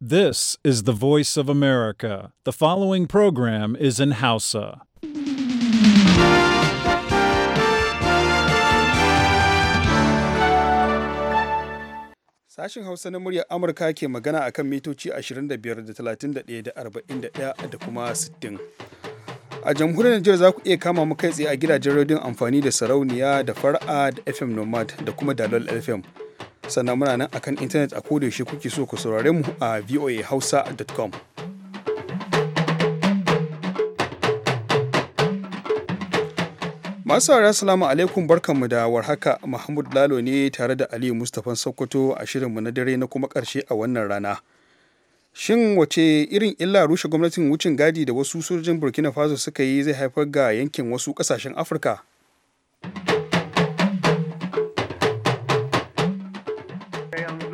This is the voice of America. The following program is in Hausa. Sashen Hausa na muryar Amurka ke magana akan mitoci 25 da 31 da 41 da kuma 60. a jamhuriyar Nijar za ku iya kama mu kai tsaye a gidajen rediyon amfani da sarauniya da far'a da FM Nomad da kuma Dalol FM. sannan muna nan akan intanet a kodayaushe kuke so ku saurare mu a voahausa.com masu sauraron salamu alaikum barkanmu da warhaka mahmud lalo ne tare da aliyu mustapha sokoto a shirinmu na dare na kuma karshe a wannan rana shin wace irin illa rushe gwamnatin wucin gadi da wasu sojojin burkina faso suka yi zai haifar ga yankin wasu kasashen afirka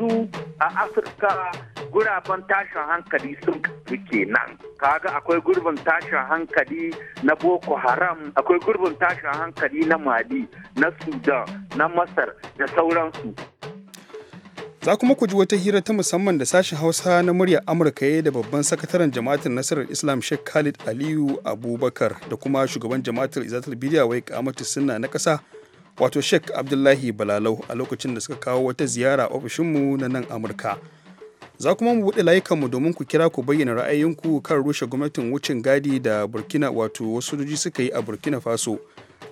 yanzu a afirka guraben tashin hankali sun kasu kenan kaga akwai gurbin tashin hankali na boko haram akwai gurbin tashin hankali na mali na sudan na masar da sauransu za kuma ku ji wata hira ta musamman da sashen hausa na muryar amurka ya da babban sakataren jama'atar nasarar islam sheikh khalid aliyu abubakar da kuma shugaban jama'atar izatul bidiyawai wai kamatu sunna na ƙasa wato sheik abdullahi balalau a lokacin da suka kawo wata ziyara ofishinmu na nan amurka za kuma mu buɗe layukanmu domin ku kira ku bayyana ra'ayinku kan rushe gwamnatin wucin gadi da burkina wato wasu suka yi a burkina faso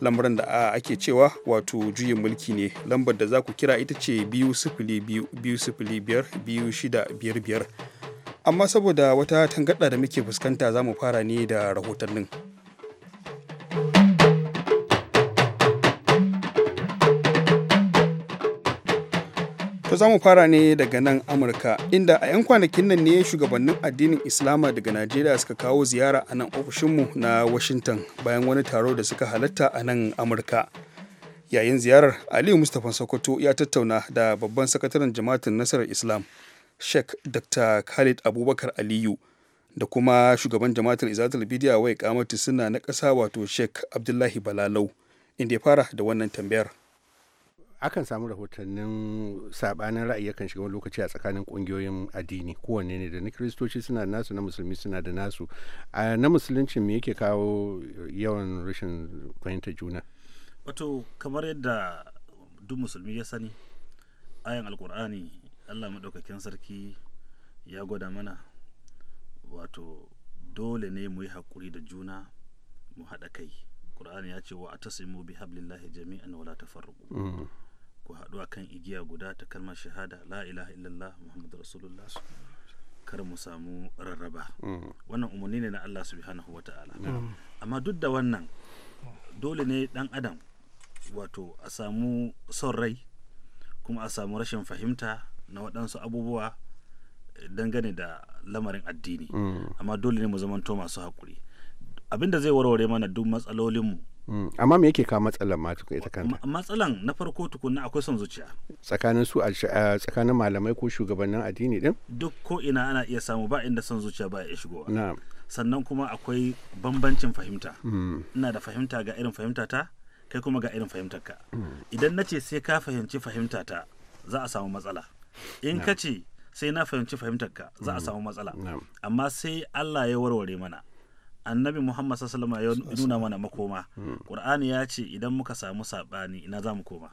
lamarin da ake cewa wato juyin mulki ne lambar da za ku kira ita ce biyu sifili biyu sifili biyar biyu amma saboda wata tangarɗa da muke fuskanta za mu fara ne da rahotannin. To za mu fara ne daga nan Amurka, inda a 'yan kwanakin nan ne shugabannin addinin Islama daga Najeriya suka kawo ziyara a nan ofishinmu na Washington bayan wani taro da suka halatta a nan Amurka. Yayin ziyarar, Aliyu Mustapha Sokoto ya tattauna da babban sakataren jama'atin nasarar Islam, Sheikh Dr. Khalid Abubakar Aliyu, da kuma shugaban jama'atin Izatul Bidiya wai kamatu suna na ƙasa wato Sheikh Abdullahi Balalau, inda ya fara da wannan tambayar. akan samu rahotannin sabanin ra'ayi yakan shiga wani lokaci a tsakanin kungiyoyin addini kowanne ne da na kiristoci suna da nasu na musulmi suna da nasu na musulunci me yake kawo yawan rashin fahimta juna wato kamar yadda duk musulmi ya sani ayan alkur'ani allah maɗaukakin sarki ya gwada mana wato dole ne mu yi haƙuri da juna mu haɗa kai ƙur'ani ya ce wa a tasimu bi hablillahi jami'an wala tafarruqu mm. ku haɗu akan igiya guda ta kalmar shahada la ilaha illallah muhammadu rasulullah kar mu samu rarraba mm. wannan umarni ne na Allah subhanahu wa ta'ala mm. amma duk da wannan dole ne dan adam wato a samu son rai kuma a samu rashin fahimta na waɗansu abubuwa dangane da lamarin addini mm. amma dole ne mu zamanto masu haƙuri abinda zai warware mana duk matsalolinmu amma me yake kawo matsalan ma tukun ita kanta matsalan na farko tukunna akwai son zuciya tsakanin su eh, tsakanin malamai ko shugabannin addini din duk ko ina ana iya samu ba inda son zuciya ba ya shigo na'am sannan kuma akwai bambancin fahimta hmm. ina da fahimta ga irin fahimta ta kai kuma ga irin fahimtar ka hmm. idan nace sai ka fahimci fahimta ta za a samu matsala in kace sai na fahimci fahimtar ka za a hmm. samu matsala amma sai Allah ya warware mana annabi muhammad sallallahu alaihi wasallam ya nuna mana makoma hmm. qur'ani ya ce idan muka samu sabani ina za mu koma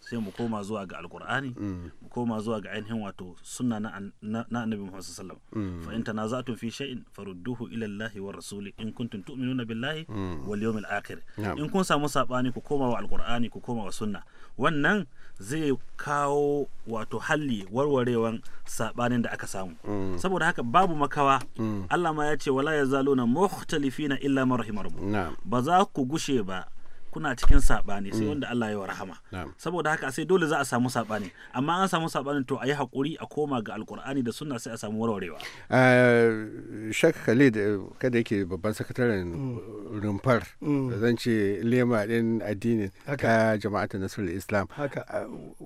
sai mu koma zuwa ga alqur'ani hmm. mu koma zuwa ga ainihin wato sunna na annabi muhammad sallallahu alaihi wasallam hmm. fa in tanaza'tum fi shay'in farudduhu ila allahi war rasuli in kuntum tu'minuna billahi wal yawmil akhir in kun samu sabani ku koma wa alqur'ani ku koma wa sunna wannan zai kawo wato halli warwarewan sabanin da aka samu mm. saboda haka babu makawa mm. Allah ma ya ce wala ya zalo na muhtalifina illa man rahimarmu. ba za ku gushe ba kuna cikin saɓani sai mm. wanda Allah ya wa rahama saboda haka sai dole za a samu saɓani amma an samu saɓani to a yi hakuri a koma ga alkur'ani da sunna sai a samu warwarewa eh, shak khalid eh, kada yake babban sakataren mm. rumfar mm. zan ce lema ɗin addinin ka jama'atar nasarar islam eh,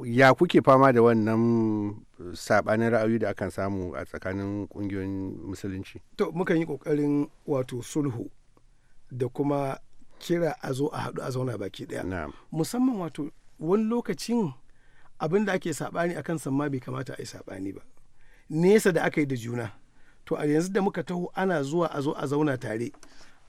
ya kuke fama da wannan saɓanin ra'ayoyi da akan samu a tsakanin kungiyoyin musulunci to mukan yi ƙoƙarin wato sulhu da kuma kira a zo a haɗu a zauna baki ɗaya musamman wato wani lokacin abin da ake saɓani a kan ma bai kamata a yi saɓani ba nesa da aka yi da juna to a yanzu da muka taho ana zuwa a zo a zauna tare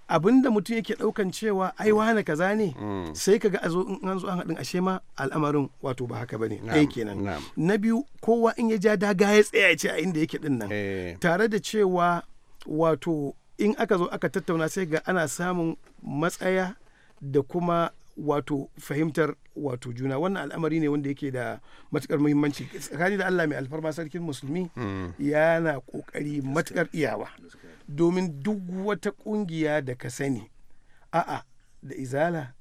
abin da mutum yake ɗaukan cewa ai wane kaza ne mm. sai kaga a zo in an zo an haɗin ashe ma al'amarin wato ba haka bane ɗaya kenan na biyu kowa in ya ja daga ya tsaya ce a inda yake ɗin nan eh. tare da cewa wato in aka zo aka tattauna sai ga ana samun matsaya da kuma wato fahimtar wato juna wannan al'amari ne wanda yake da matukar muhimmanci tsakani da Allah mai alfarma sarkin musulmi mm. yana kokari matukar iyawa domin duk wata kungiya da ka sani a'a da izala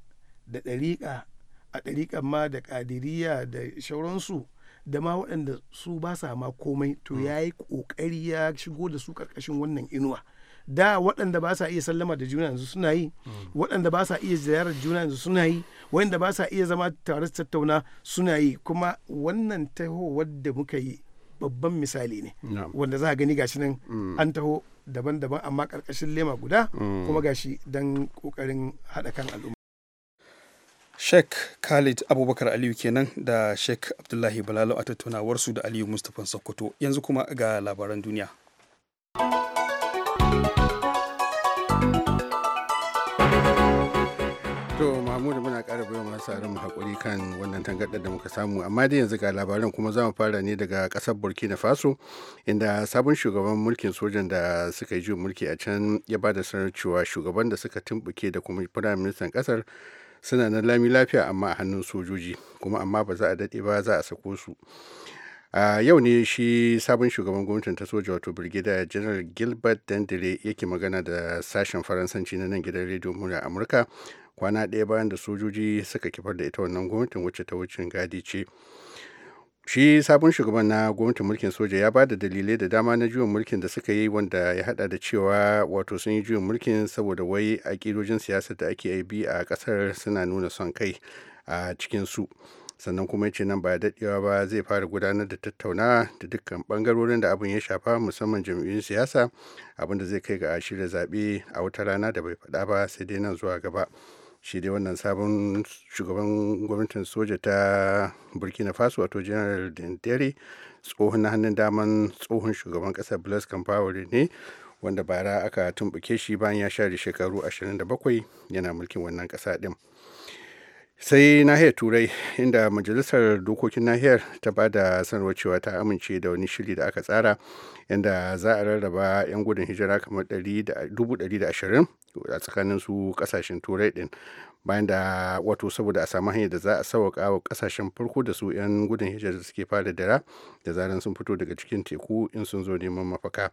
da dariƙa a dariƙa ma da ƙadiriya da shauransu da ma waɗanda su ba sa ma komai to mm. ya yi ƙoƙari ya shigo da su karkashin wannan inuwa da waɗanda ba sa iya sallama da juna yanzu suna yi mm. waɗanda ba sa iya ziyarar juna yanzu suna yi waɗanda ba sa iya zama tare su tattauna suna yi kuma wannan tahowar da muka yi babban misali ne wanda za a gani gashi nan mm. an taho daban-daban amma karkashin lema guda mm. kuma gashi dan kokarin haɗa kan al'umma Sheikh Khalid Abubakar Aliyu kenan da Sheikh Abdullahi Balalo a tattaunawarsu da Aliyu Mustapha Sokoto yanzu kuma ga labaran duniya. To Mahmudu muna kara bayan masu tsarin mu hakuri kan wannan tangaɗar da muka samu amma dai yanzu ga labaran kuma za mu fara ne daga kasar Burkina Faso inda sabon shugaban mulkin sojan da suka yi juyin mulki a can ya ba da sanar cewa shugaban da suka tumbuke da kuma firayim ministan ƙasar suna nan lami lafiya amma a hannun sojoji kuma amma ba za a daɗe ba za a sako su. a yau ne shi sabon shugaban gwamnatin ta soja wato birgida general gilbert dandere yake magana da sashen faransanci na nan gidan rediyo murya amurka kwana ɗaya bayan da sojoji suka kifar da ita wannan gwamnatin wacce ta wucin gadi ce shi sabon shugaban na gwamnatin mulkin soja ya ba da dalilai da dama na juyin mulkin da suka yi wanda ya hada da cewa wato sun yi juyin mulkin saboda wai a ƙirojin siyasa da ake bi a kasar suna nuna son kai a cikin su sannan kuma ce nan ba daɗewa ba zai fara gudanar da tattauna da dukkan bangarorin da abin ya shafa musamman jam'iyyun siyasa abin da zai kai ga shirya zaɓe a wata rana da bai faɗa ba sai dai nan zuwa gaba shi dai wannan sabon shugaban gwamnatin soja ta burkina faso wato general dendere tsohon na hannun daman tsohon shugaban kasar blas compaore ne wanda bara aka tumbuke shi bayan ya share shekaru 27 yana mulkin wannan kasa din sai nahiyar turai inda majalisar dokokin nahiyar ta ba da sanarwar cewa ta amince da wani shiri da aka tsara inda za a rarraba 'yan gudun hijira kamar 120 a tsakanin su kasashen turai din bayan da wato saboda a samu hanyar da za a sauƙa wa kasashen farko da su 'yan gudun hijira da suke fara dara da zaran sun fito daga cikin teku in sun zo neman mafaka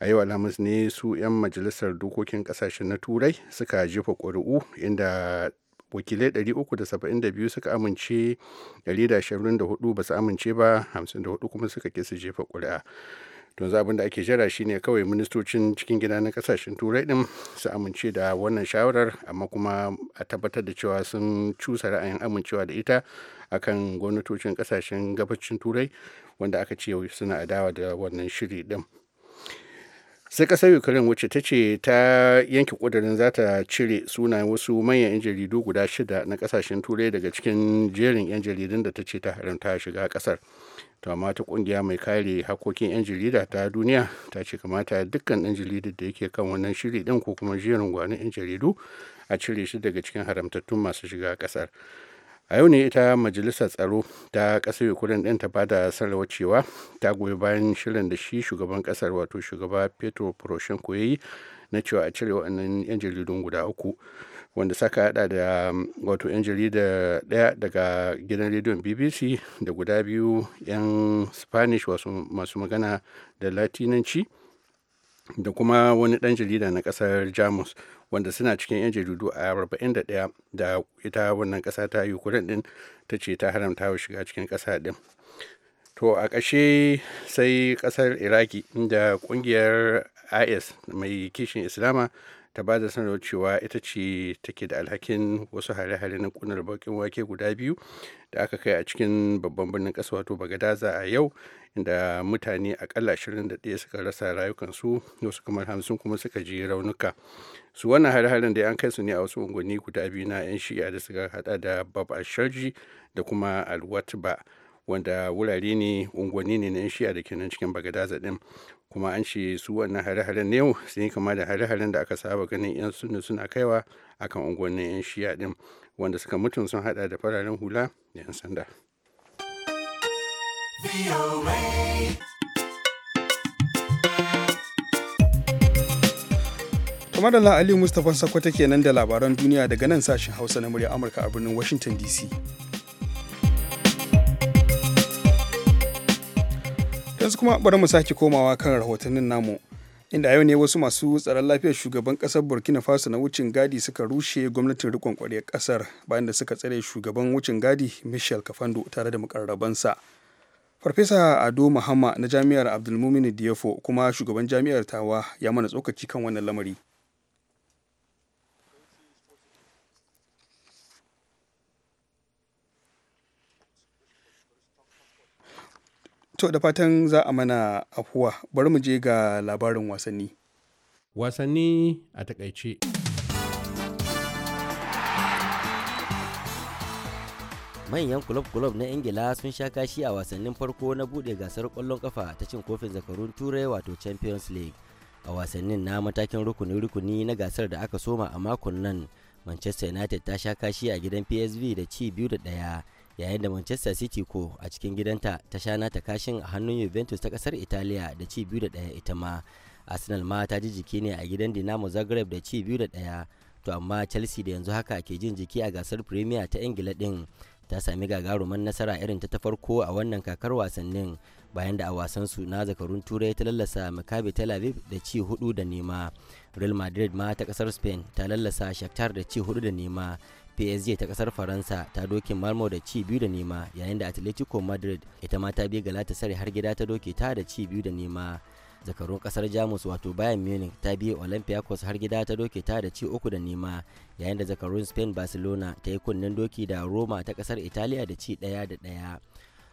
a yau alhamis ne su 'yan majalisar dokokin kasashen na turai suka jefa ƙuri'u inda wakilai 372 suka amince 124 ba su amince ba 54 kuma suka ƙi su jefa ƙuri'a don abin da ake jira ne kawai ministocin cikin gida na kasashen turai din su amince da wannan shawarar amma kuma a tabbatar da cewa sun cusa ra'ayin amincewa da ita akan gwamnatocin kasashen gabacin turai wanda aka ce suna adawa da wannan shiri din sai kasar ukraine wacce ta ce ta yanke kudurin za ta cire sunayen wasu manyan 'yan jaridu guda shida na kasashen turai daga cikin jerin 'yan jaridun da ta ce ta haramta shiga kasar to amma ta kungiya mai kare hakokin 'yan jarida ta duniya ta ce kamata dukkan 'yan jaridun da yake kan wannan shiri din ko kuma jerin gwanin 'yan jaridu a cire shi daga cikin haramtattun masu shiga kasar a yau ne ita majalisar tsaro ta ƙasar ukraine ɗin ta bada sarrafa cewa ta goyi bayan shirin da shi shugaban ƙasar wato shugaba petro poroshenko ya yi na cewa a cire waɗannan 'yan jaridun guda uku wanda saka hada da um, wato 'yan jarida ɗaya daga gidan rediyon bbc da guda biyu 'yan spanish masu magana da latinanci da kuma wani ɗan jarida na ƙasar jamus wanda suna cikin 'yan jaridu a 41 da ita wannan ƙasa ta ukraine din ta ce ta haramta wa shiga cikin ƙasa din to a ƙashe sai ƙasar iraki inda ƙungiyar is mai kishin islama ta ba da sanarwar cewa ita ce take da alhakin wasu hare-hare na kunar bakin wake guda biyu da aka kai a cikin babban birnin kasa wato bagadaza a yau inda mutane akalla 21 suka rasa rayukansu wasu kamar hamsin kuma suka je raunuka su wannan hare-haren da an kai su ne a wasu unguwanni guda biyu na 'yan shi'a da suka hada da bab asharji da kuma alwatba wanda wurare ne unguwanni ne na 'yan shi'a da ke cikin bagadaza din kuma an ce su wannan hare-haren na yau sun yi kama da hare-haren da aka saba ganin 'yan sunni suna kaiwa a akan unguwannin 'yan shiya din wanda suka mutum sun hada da fararen hula da 'yan sanda kamar da ali mustapha ke kenan da labaran duniya daga nan sashen hausa na murya amurka a birnin washington dc yanzu kuma bari mu sake komawa kan rahotannin namu inda yau ne wasu masu tsaron lafiyar shugaban kasar burkina faso na wucin gadi suka rushe gwamnatin rikon kwaryar kasar bayan da suka tsare shugaban wucin gadi michel kafando tare da mukarrabansa farfesa ado mahama na jami'ar abdulmumin diyafo kuma shugaban jami'ar tawa ya mana tsokaci kan wannan lamari To da fatan za a mana afuwa bari mu je ga labarin wasanni. Wasanni a takaice. Manyan kulob-kulob na Ingila sun sha kashi a wasannin farko na buɗe gasar ƙwallon ƙafa ta cin kofin zakarun Turai wato Champions League. A wasannin na matakin rukuni-rukuni na gasar da aka soma a makon nan, Manchester United ta sha kashi a gidan PSV da ci biyu da ɗaya. yayin da manchester city ko a cikin gidanta ta sha nata kashin a hannun juventus ta kasar italiya da ci biyu da ɗaya ita ma arsenal ma ta ji jiki ne a gidan dinamo zagreb da ci biyu da ɗaya to amma chelsea da yanzu haka ke jin jiki a gasar premier ta ingila din ta sami gagaruman nasara irin ta ta farko a wannan kakar wasannin bayan da a wasan su na zakarun turai ta lallasa makabi tel aviv da ci hudu da nema real madrid ma ta kasar spain ta lallasa shakhtar da ci hudu da nema PSG ta kasar Faransa ta doke Malmo da ci biyu da nema yayin da Atletico Madrid ita ma ta bi Galatasaray har gida ta doke ta da ci biyu da nema. Zakarun kasar Jamus wato Bayern Munich ta bi Olympiacos har gida ta doke ta da ci uku da nema yayin da zakarun Spain Barcelona ta yi kunnen doki da Roma ta kasar Italiya da ci ɗaya da ɗaya.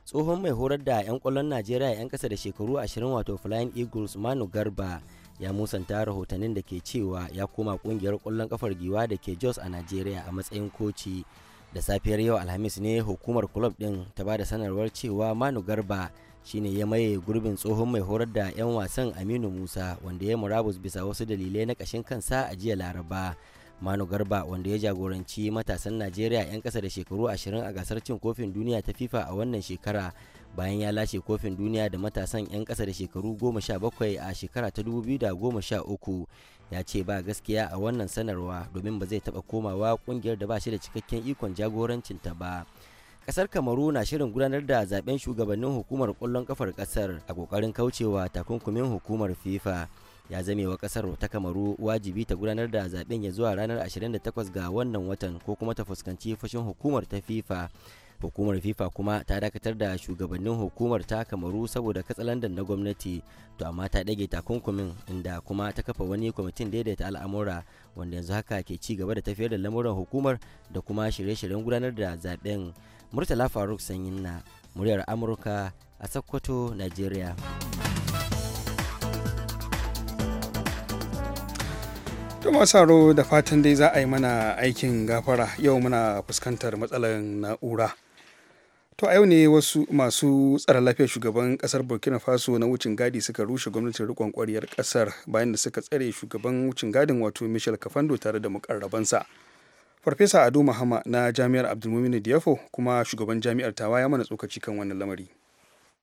Tsohon mai horar da 'yan kwallon Najeriya 'yan kasa da shekaru 20 wato Flying Eagles Manu Garba ya musanta rahotannin da ke cewa ya koma kungiyar kwallon kafar giwa da ke Jos a Najeriya a matsayin koci. Da safiyar yau Alhamis ne hukumar club ɗin ta ba da sanarwar cewa Manu Garba shine ya maye gurbin tsohon mai horar da 'yan wasan Aminu Musa wanda ya murabus bisa wasu dalilai na kashin kansa a jiya Laraba. Manu Garba wanda ya jagoranci matasan Najeriya 'yan ƙasa da shekaru ashirin a gasar cin kofin duniya ta FIFA a wannan shekara bayan ya lashe kofin duniya da matasan 'yan ƙasa da shekaru 17 a shekara ta 2013 ya ce ba gaskiya a wannan sanarwa domin ba zai taba komawa ƙungiyar da ba shi da cikakken ikon jagorancin ta ba kasar kamaru na shirin gudanar da zaben shugabannin hukumar ƙwallon kafar kasar a kokarin kaucewa takunkumin hukumar fifa ya zamewa wa kasar ta kamaru wajibi ta gudanar da zaben ya zuwa ranar 28 ga wannan watan ko kuma ta fuskanci fashin hukumar ta fifa hukumar fifa kuma ta dakatar da shugabannin hukumar ta kamaru saboda katsalandan na gwamnati to amma ta ɗage takunkumin inda kuma ta kafa wani kwamitin daidaita al'amura wanda yanzu haka ke ci gaba da tafiyar da lamuran hukumar da kuma shirye-shiryen gudanar da zaben murtala faruk sanyin na muryar amurka a sokoto nigeria Tuma saro da fatan dai za a yi mana aikin gafara yau muna fuskantar matsalar na'ura. To a yau ne wasu masu tsare lafiyar shugaban kasar Burkina Faso na wucin gadi suka rushe gwamnatin riƙon ƙwariyar kasar bayan da suka tsare shugaban wucin gadin wato Michel Kafando tare da mukarrabansa. Farfesa Ado Mahama na Jami'ar Abdulmumin Diafo kuma shugaban jami'ar tawa ya mana tsokaci kan wannan lamari.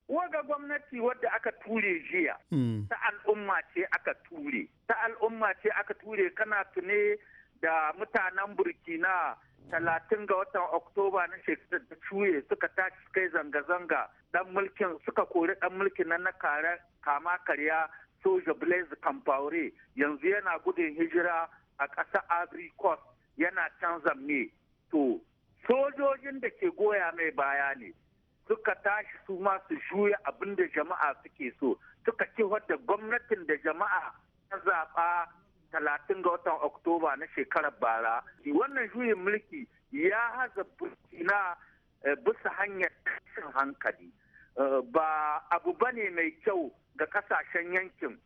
Waga gwamnati wadda aka ture jiya, hmm. ta al'umma ce aka ture, ta al'umma ce aka ture kana tune da mutanen Burkina talatin ga watan oktoba na shekarar da cuye suka tashi kai zanga-zanga dan mulkin suka kori dan mulkin nan na kama karya soja blaise kampaure yanzu yana gudun hijira a ƙasa ivory coast yana can zamme to sojojin da ke goya mai baya ne suka tashi su masu su juya abin da jama'a suke so suka ce da gwamnatin da jama'a ta zaɓa talatin ga watan oktoba na shekarar bara wannan juyin mulki ya haza burkina eh, bisa hanyar tashin hankali eh, ba abu ba ne mai kyau ga kasashen yankin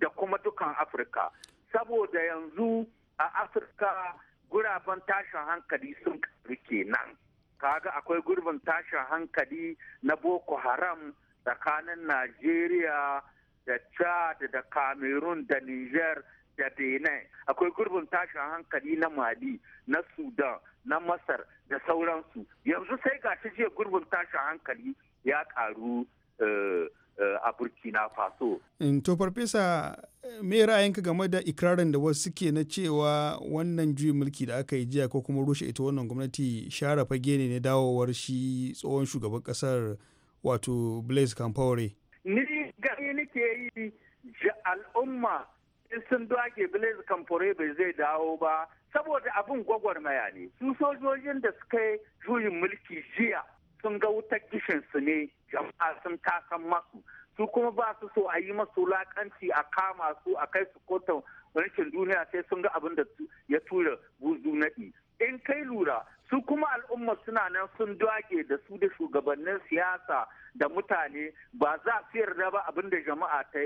da kuma dukan afirka saboda yanzu a afirka guraben tashin hankali sun karu kenan kaga akwai gurbin tashin hankali na boko haram tsakanin najeriya da chad da cameroon da niger da benin akwai gurbin tashin hankali na mali na sudan na masar da sauransu yanzu sai ga shi jiya gurbin tashin hankali ya karu eh, eh, a burkina faso mm, to farfesa me ra'ayinka game da ikirarin da wasu suke na cewa wannan juyin mulki da aka yi jiya ko kuma rushe ita wannan gwamnati share fage ne na dawowar shi tsohon shugaban kasar wato blaise campaure suke yi al'umma in sun dage blaze kamfore bai zai dawo ba saboda abin gwagwarmaya ne su sojojin da suka yi juyin mulki jiya sun ga wutar su ne jama'a sun takan masu su kuma ba su so a yi masu lakanci a kama su a kai su kotun rashin duniya sai sun ga abin da ya tura buzu naɗi in kai lura su kuma al'umma suna nan sun dage da su da shugabannin siyasa da mutane ba za su yarda ba abin da jama'a ta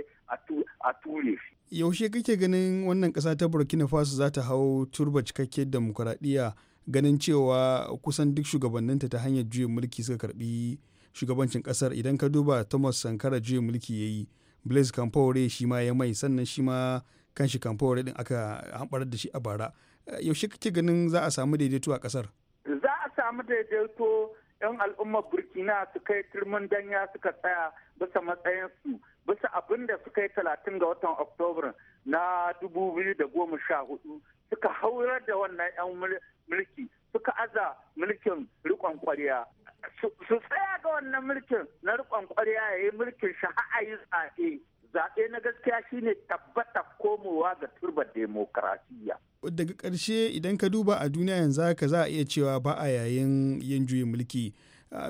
a ture shi. Yaushe kake ganin wannan kasa ta Burkina Faso za ta hau turba cikakke demokuraɗiyya ganin cewa kusan duk shugabanninta ta hanyar juyin mulki suka karbi shugabancin kasar idan ka duba Thomas Sankara juyin mulki ya yi Blaise Compaoré shi ma ya mai sannan shi ma kanshi Compaoré din aka hamɓarar da shi a bara. Yaushe kake ganin za a samu daidaito a kasar. samu daidaito 'yan al'ummar burkina su kai turmin danya suka tsaya bisa matsayinsu bisa abin da suka yi talatin ga watan oktobar na hudu suka haurar da wannan 'yan mulki suka aza mulkin rikon kwariya su tsaya ga wannan mulkin na rikon kwariya ya yi mulkin shi ha'ayi tsaye zaɓe na gaskiya shine tabbata komowa ga turbar demokarasiya. daga karshe idan ka duba a duniya yanzu haka za a iya cewa ba a yayin yin juyin mulki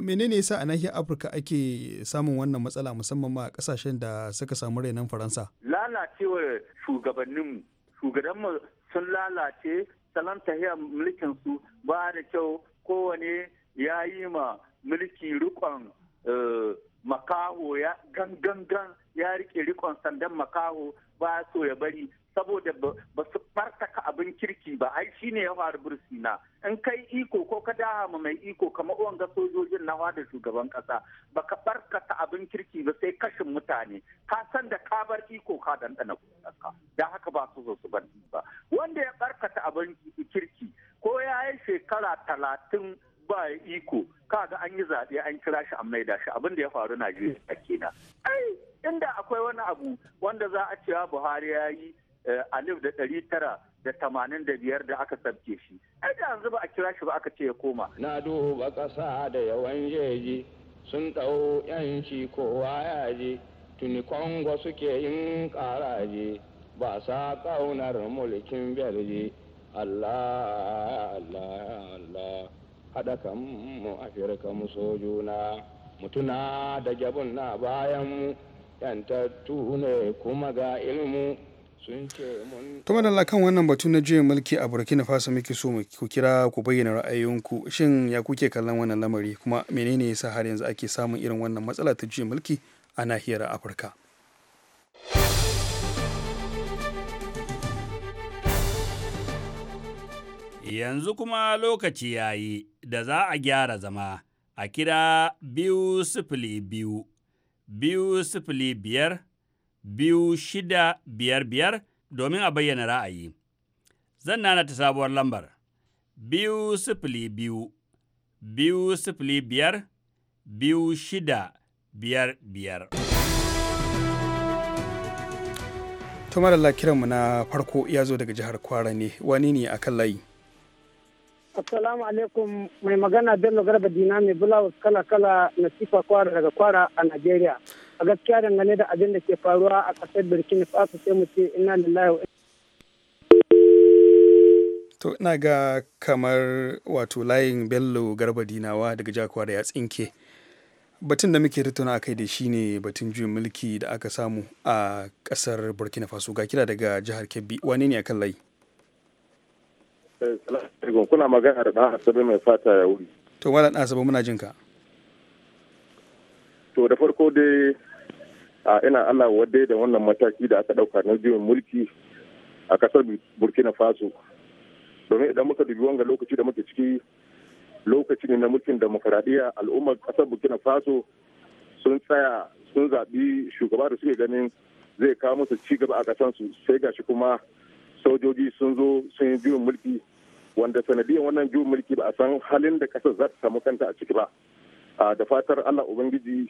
menene yasa a nahiyar afirka ake samun wannan matsala musamman ma a kasashen da suka samu rainon faransa lalacewar shugabanninmu shugabanmu sun lalace salon tahiyar mulkin su ba da kyau kowane ya yi ma mulki rikon eh, makaho ya gangan ya rike rikon sandan makaho ba so ya bari saboda ba su fartaka abin kirki ba ai shi ne ya faru bursina in kai iko ko ka daha ma mai iko kamar ga sojojin na da shugaban kasa baka barkata abin kirki ba sai kashin mutane ka san da ka bar iko ka dandana kuɗinka da haka ba su zo su bar ba wanda ya barkata abin kirki ko ya yi shekara talatin ba iko kaga an yi zaɓe an kira shi an maida shi abin da ya faru Najeriya kenan ai inda akwai wani abu wanda za a cewa Buhari ya yi eh, alif da ɗari tara da tamanin da biyar da aka sabke shi ai da yanzu ba a kira shi ba aka ce ya koma na duba ƙasa da yawan jeji sun ɗau yanci kowa ya je tuni kongo suke yin ƙaraje ba sa ƙaunar mulkin belje Allah Allah Allah haɗa kan mu afirka mu sojuna mutuna da jabun na bayan mu yantattu ne kuma ga ilmu sun ce mun to da kan wannan batu na juyin mulki a Burkina Faso muke so mu ku kira ku bayyana ra'ayoyinku shin ya kuke kallon wannan lamari kuma menene yasa har yanzu ake samun irin wannan matsala ta juyin mulki a nahiyar Afirka. Yanzu kuma lokaci ya yi da za a gyara zama a kira biyu sifili biyu, biyu sifili biyar, biyu shida biyar biyar domin a bayyana ra'ayi. Zan nana ta sabuwar lambar biyu sifili biyu, biyu sifili biyar, biyu shida biyar biyar. Tumar kiranmu na farko ya zo daga jihar Kwara ne, wani ne a kan layi? Assalamu alaikum mai magana Bello Garba Dina mai bulawus kala-kala na sifa kwara daga kwara a Najeriya. A gaskiya dangane da abin da ke faruwa a kasar Burkina Faso sai mu ce ina lillahi wa To ina ga kamar wato layin Bello Garba Dinawa daga jakwa da ya tsinke. Batun da muke tattauna a kai da shi ne batun juyin mulki da aka samu a kasar Burkina Faso ga kira daga jihar Kebbi wane ne kan layi? kuna magana da ɗan asabe mai fata ya wuri to malam ɗan asabe muna jinka to da farko dai ina allah wadda da wannan mataki da aka ɗauka na juyin mulki a ƙasar burkina faso domin idan muka dubi wanga lokaci da muke ciki lokaci ne na mulkin demokaradiyya al'ummar ƙasar burkina faso sun tsaya sun zaɓi shugaba da suke ganin zai kawo musu ci gaba a ƙasansu sai gashi kuma sojoji sun zo sun yi juyin mulki wanda sanadiyar wannan juyin mulki ba a san halin da kasar za ta samu kanta a ciki ba da fatar allah ubangiji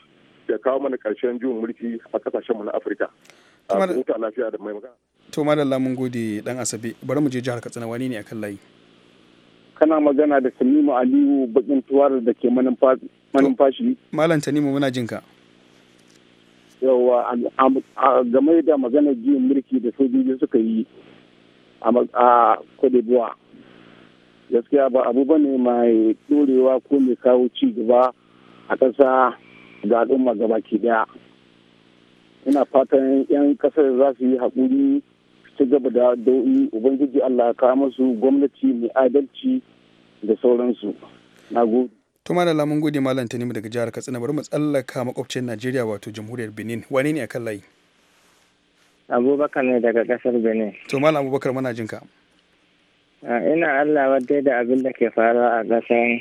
ya kawo mana karshen juyin mulki a kasashenmu na afirka lafiya da to madalla mun gode dan asabe bari mu je jihar katsina wani ne akan layi kana magana da tanimu aliyu bakin tuwar da ke manumfashi malam tanimu muna jinka yawa game da magana juyin mulki da sojoji suka yi a Cote Gaskiya ba abu ba ne mai ɗorewa ko mai kawo ci gaba a ƙasa ga al'umma ke daya Ina fatan 'yan ƙasar za su yi haƙuri ci gaba da do'i Ubangiji Allah ka masu gwamnati mai adalci da sauransu. Na Tuma da lamun gudi Malam Tanimu daga jihar Katsina bari mu tsallaka makwabcin Najeriya wato Jamhuriyar Benin. Wane ne a kan layi? abubakar ne daga kasar benin to malam abubakar muna jin ka ina allah wadda da abin da ke faruwa a kasar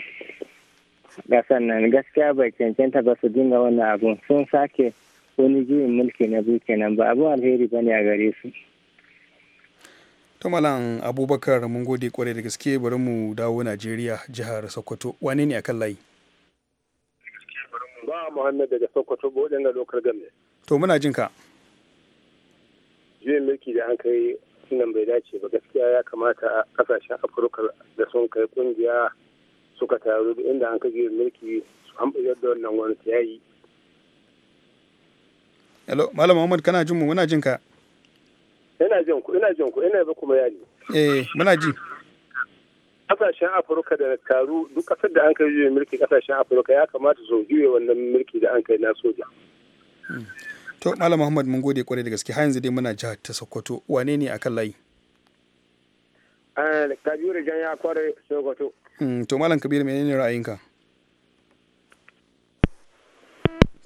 kasar nan gaskiya bai cancanta ba su dinga wannan abu sun sake wani juyin mulki na biyu kenan ba abu alheri ba ne a gare su to malam abubakar mun gode kwarai da gaske bari mu dawo najeriya jihar sokoto wane ne akan layi ba muhammad daga sokoto ba waɗanda lokar game to muna jinka. ka juyin mulki da an kai nan bai dace ba gaskiya ya kamata a kasashen afirka da sun kai kungiya suka taru inda an kai juyin mulki su bayar da wannan wani ya yi hello malam muhammad kana jin mu muna jin ka ina jin ku ina jin ku ina ba kuma yari eh muna ji kasashen afirka da taru duk kasar da an kai juyin mulki kasashen afirka ya kamata su juye wannan mulki da an kai na soja hmm. to malam muhammad mun gode kwarai da gaske har yanzu dai muna jihar ta sokoto wane ne akan layi eh, kabiru jan ya kware sokoto mm, to malam kabiru menene ra'ayinka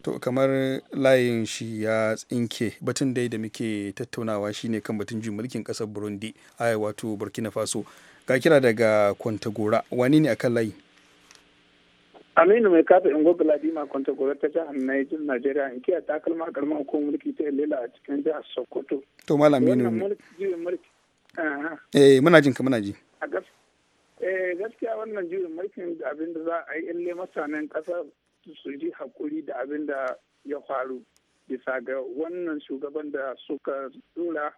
to kamar layin shi ya tsinke batun dai da muke tattaunawa shine kan batun jin mulkin kasar burundi a wato burkina faso ga kira daga kwantagora wane ne akan layi aminu mai kafa ingo galadima kwanta gobe ta jihar naijin najeriya in kiya takalma a karamar hukumar mulki ta ilela a cikin jihar sokoto to malam aminu eh muna jin ka muna ji eh gaskiya wannan juyin mulkin da abin da za a yi in mutanen kasa su ji hakuri da abin da ya faru bisa ga wannan shugaban da suka dora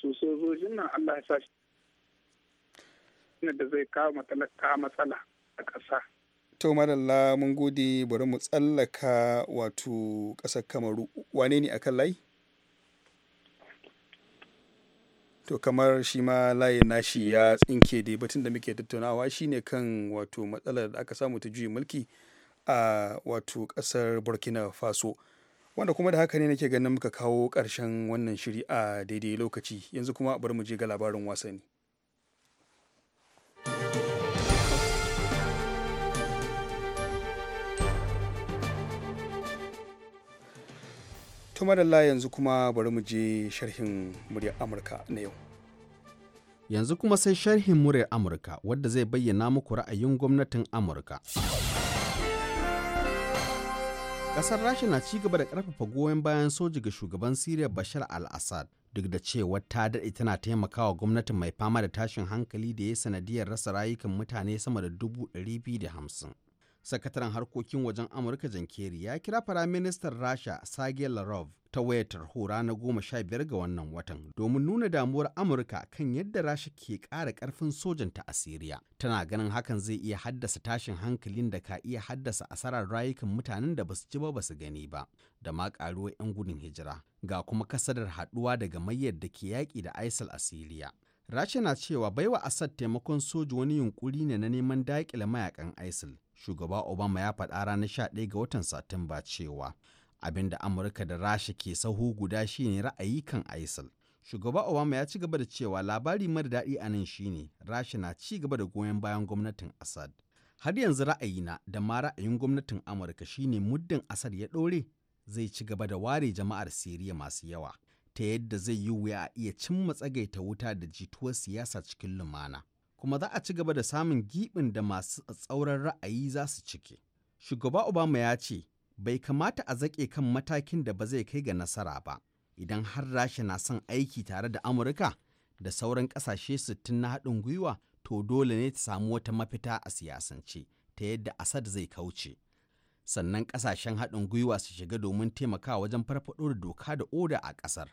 su sojojin nan Allah ya sa shi da zai kawo matsala a ƙasa. to madalla mun gode bari mu tsallaka wato ƙasar kamaru wane ne akan layi to kamar shi ma layin nashi ya tsinke dai batun da muke tattaunawa shine kan wato matsalar da aka samu ta juyin mulki a wato ƙasar burkina faso wanda kuma da haka ne nake ganin muka kawo ƙarshen wannan shiri a daidai lokaci yanzu kuma bari mu je ga labarin wasanni to madalla yanzu kuma bari mu je sharhin muryar amurka na yau yanzu kuma sai sharhin muryar amurka wadda zai bayyana muku ra'ayin gwamnatin amurka kasar rasha na ci gaba da karfafa goyon bayan soji ga shugaban siriya bashar al-assad duk da cewa ta daɗe tana taimakawa gwamnatin mai fama da tashin hankali da ya sanadiyar rasa rayukan mutane sama da dubu ɗari biyu da hamsin sakataren harkokin wajen amurka jan kerry ya kira firaministan rasha sergey larov ta wayar tarho ranar goma sha biyar ga wannan watan domin nuna damuwar amurka kan yadda rasha ke ƙara ƙarfin sojanta a siriya tana ganin hakan zai iya haddasa tashin hankalin da ka iya haddasa asarar rayukan mutanen da basu ji ba basu gani ba da ma ƙaruwar 'yan gudun hijira ga kuma kasadar haɗuwa daga mayyar da ke yaƙi da isil a siriya rasha na cewa baiwa asad taimakon soji wani yunkuri ne na neman daƙile mayakan isil shugaba obama ya faɗa ranar 11 ga watan satumba cewa Abinda amurka da rasha ke sahu guda shine ra'ayi kan isil shugaba obama ya ci gaba da cewa labari mara daɗi a nan shine rasha na ci gaba da goyon bayan gwamnatin ASAD. har yanzu ra'ayi na, da ma ra'ayin gwamnatin amurka shine muddin ASAD ya ɗore zai ci gaba da ware jama'ar siriya masu yawa ta yadda zai yi wuya a iya cimma tsagaita wuta da jituwar siyasa cikin lumana kuma za a ci gaba da samun giɓin da masu tsauran ra'ayi za su cike. Shugaba Obama ya ce, bai kamata a zaƙe kan matakin da ba zai kai ga nasara ba, idan har Rasha na son aiki tare da Amurka da sauran ƙasashe sittin na haɗin gwiwa, to dole ne ta samu wata mafita a siyasance ta yadda asad zai kauce. Sannan ƙasashen haɗin gwiwa su shiga domin taimakawa wajen farfaɗo da doka da oda a ƙasar.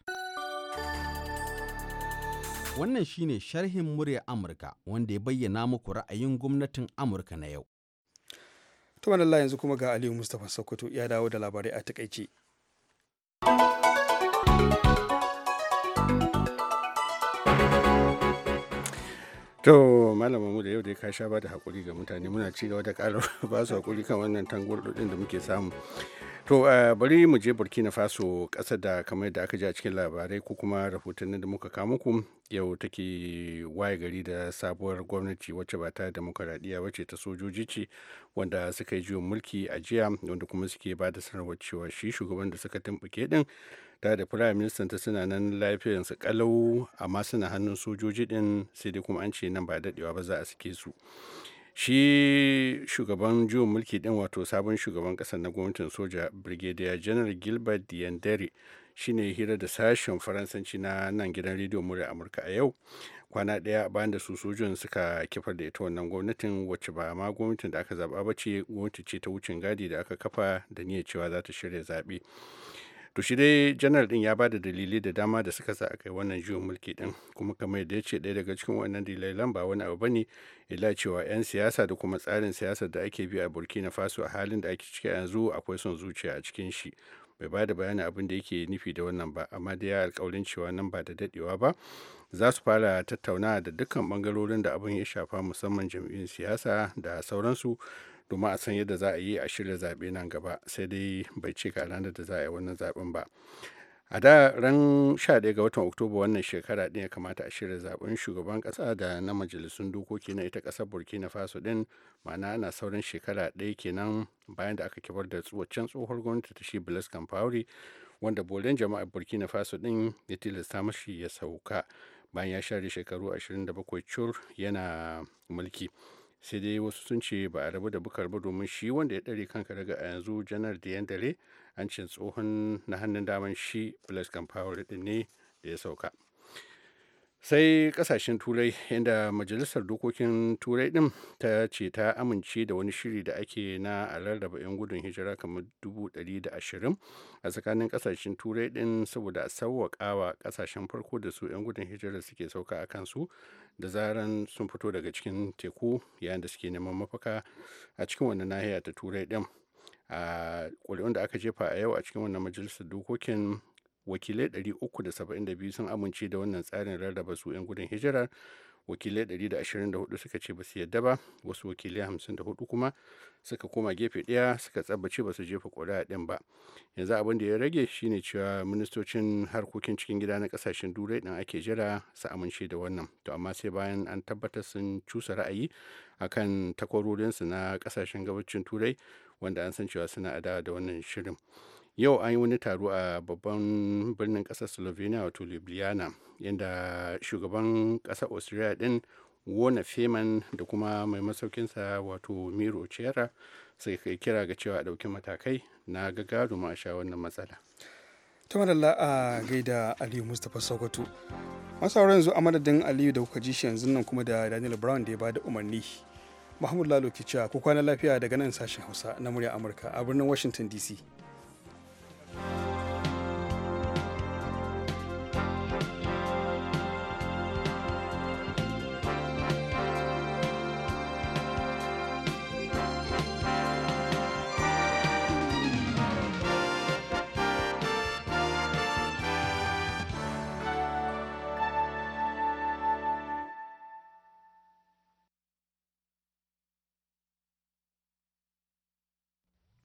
Wannan shine sharhin murya Amurka wanda ya bayyana muku ra'ayin gwamnatin Amurka na yau. To Allah yanzu kuma ga Aliyu Mustapha Sokoto ya dawo da labarai a takaice. To malam mu da yau da ka sha ba da hakuri ga mutane muna ci gaba da ƙara ba su hakuri kan wannan tangurɗuɗin da muke samu. To eh, bari mu je Burkina Faso ƙasar da kamar da aka ji a cikin labarai ko kuma rahotannin da muka kawo muku yau take waye gari da sabuwar gwamnati wacce ba ta demokaradiyya wacce ta sojoji ce wanda suka yi juyin mulki a jiya wanda kuma suke ba da sanarwar cewa shi shugaban da suka tumbuke din da da prime minister ta suna nan lafiyarsu kalau amma suna hannun sojoji din sai dai kuma an ce nan ba daɗewa ba za a sake su. shi shugaban juyin mulki din wato sabon shugaban kasar na gwamnatin soja brigadier general gilbert diandere ne hira da sashen faransanci na nan gidan rediyo murya amurka a yau kwana daya bayan da su sojojin suka kifar da ita wannan gwamnatin wacce ba ma gwamnatin da aka zaba ba ce gwamnati ce ta wucin gadi da aka kafa da niyyar cewa za ta shirya zaɓe to shi dai janar din ya ba da dalilai da dama da suka sa a kai wannan juyin mulki din kuma kamar da ya ce ɗaya daga cikin wannan dalilan ba wani abu bane illa cewa 'yan siyasa da kuma tsarin siyasar da ake bi a burkina faso a halin da ake ciki yanzu akwai son zuciya a cikin shi bai ba da bayanin abin da yake nufi da wannan ba amma dai ya alƙawarin cewa nan ba da daɗewa ba za su fara tattaunawa da dukkan bangarorin da abin ya shafa musamman jam'iyyun siyasa da sauransu domin a san yadda za a yi a shirya zaɓe nan gaba sai dai bai ce ga ranar da za a yi wannan zaɓen ba a da ran 11 ga watan oktoba wannan shekara ɗin ya kamata a shirya zaɓen shugaban ƙasa da na majalisun dokoki na ita ƙasar burkina faso ɗin ma'ana ana sauran shekara ɗaya kenan bayan da aka kibar da tsohon tsohuwar gwamnati ta shi blaise kamfauri wanda bolin jama'ar burkina faso ɗin ya tilasta mashi ya sauka bayan ya share shekaru 27 cur yana mulki sai dai wasu sun ce ba a rabu da bukar ba domin shi wanda ya ɗare kanka daga a yanzu janar da dare an ce tsohon na hannun daman shi blaise kamfawar ɗin ne da ya sauka sai kasashen turai inda majalisar dokokin turai din ta ce ta amince da wani shiri da ake na a rarraba 'yan gudun hijira kamar 120 a tsakanin kasashen turai din saboda a sauwaƙawa kasashen farko da su 'yan gudun hijira suke sauka a kansu da zaran sun fito daga cikin teku yayin da suke neman mafaka a cikin wannan nahiya ta turai din a da aka jefa a yau a cikin wannan majalisar dokokin wakilai 372 sun amince da wannan tsarin rarraba su 'yan gudun hijira wakilai 124 suka ce ba su yadda ba wasu wakilai 54 kuma suka koma gefe ɗaya suka tsabbace ba su jefa ƙuri'a ɗin ba yanzu abin da ya rage shine cewa ministocin harkokin cikin gida na kasashen turai ɗin ake jira su amince da wannan to amma sai bayan an tabbatar sun cusa ra'ayi akan takwarorinsu na kasashen gabacin turai wanda an san cewa suna adawa da wannan shirin yau an yi wani taro a babban birnin kasar slovenia wato ljubljana inda shugaban kasar austria din wona feman da kuma mai masaukinsa wato miro chera sai kai kira ga cewa ɗauki matakai na ma sha wannan matsala ta madalla a gaida aliyu mustapha sokoto masu yanzu a madadin aliyu da kuka ji shi yanzu nan kuma da daniel brown da ya bada umarni mahmud lalo ke cewa ku kwana lafiya daga nan sashen hausa na murya amurka a birnin washington dc Thank you.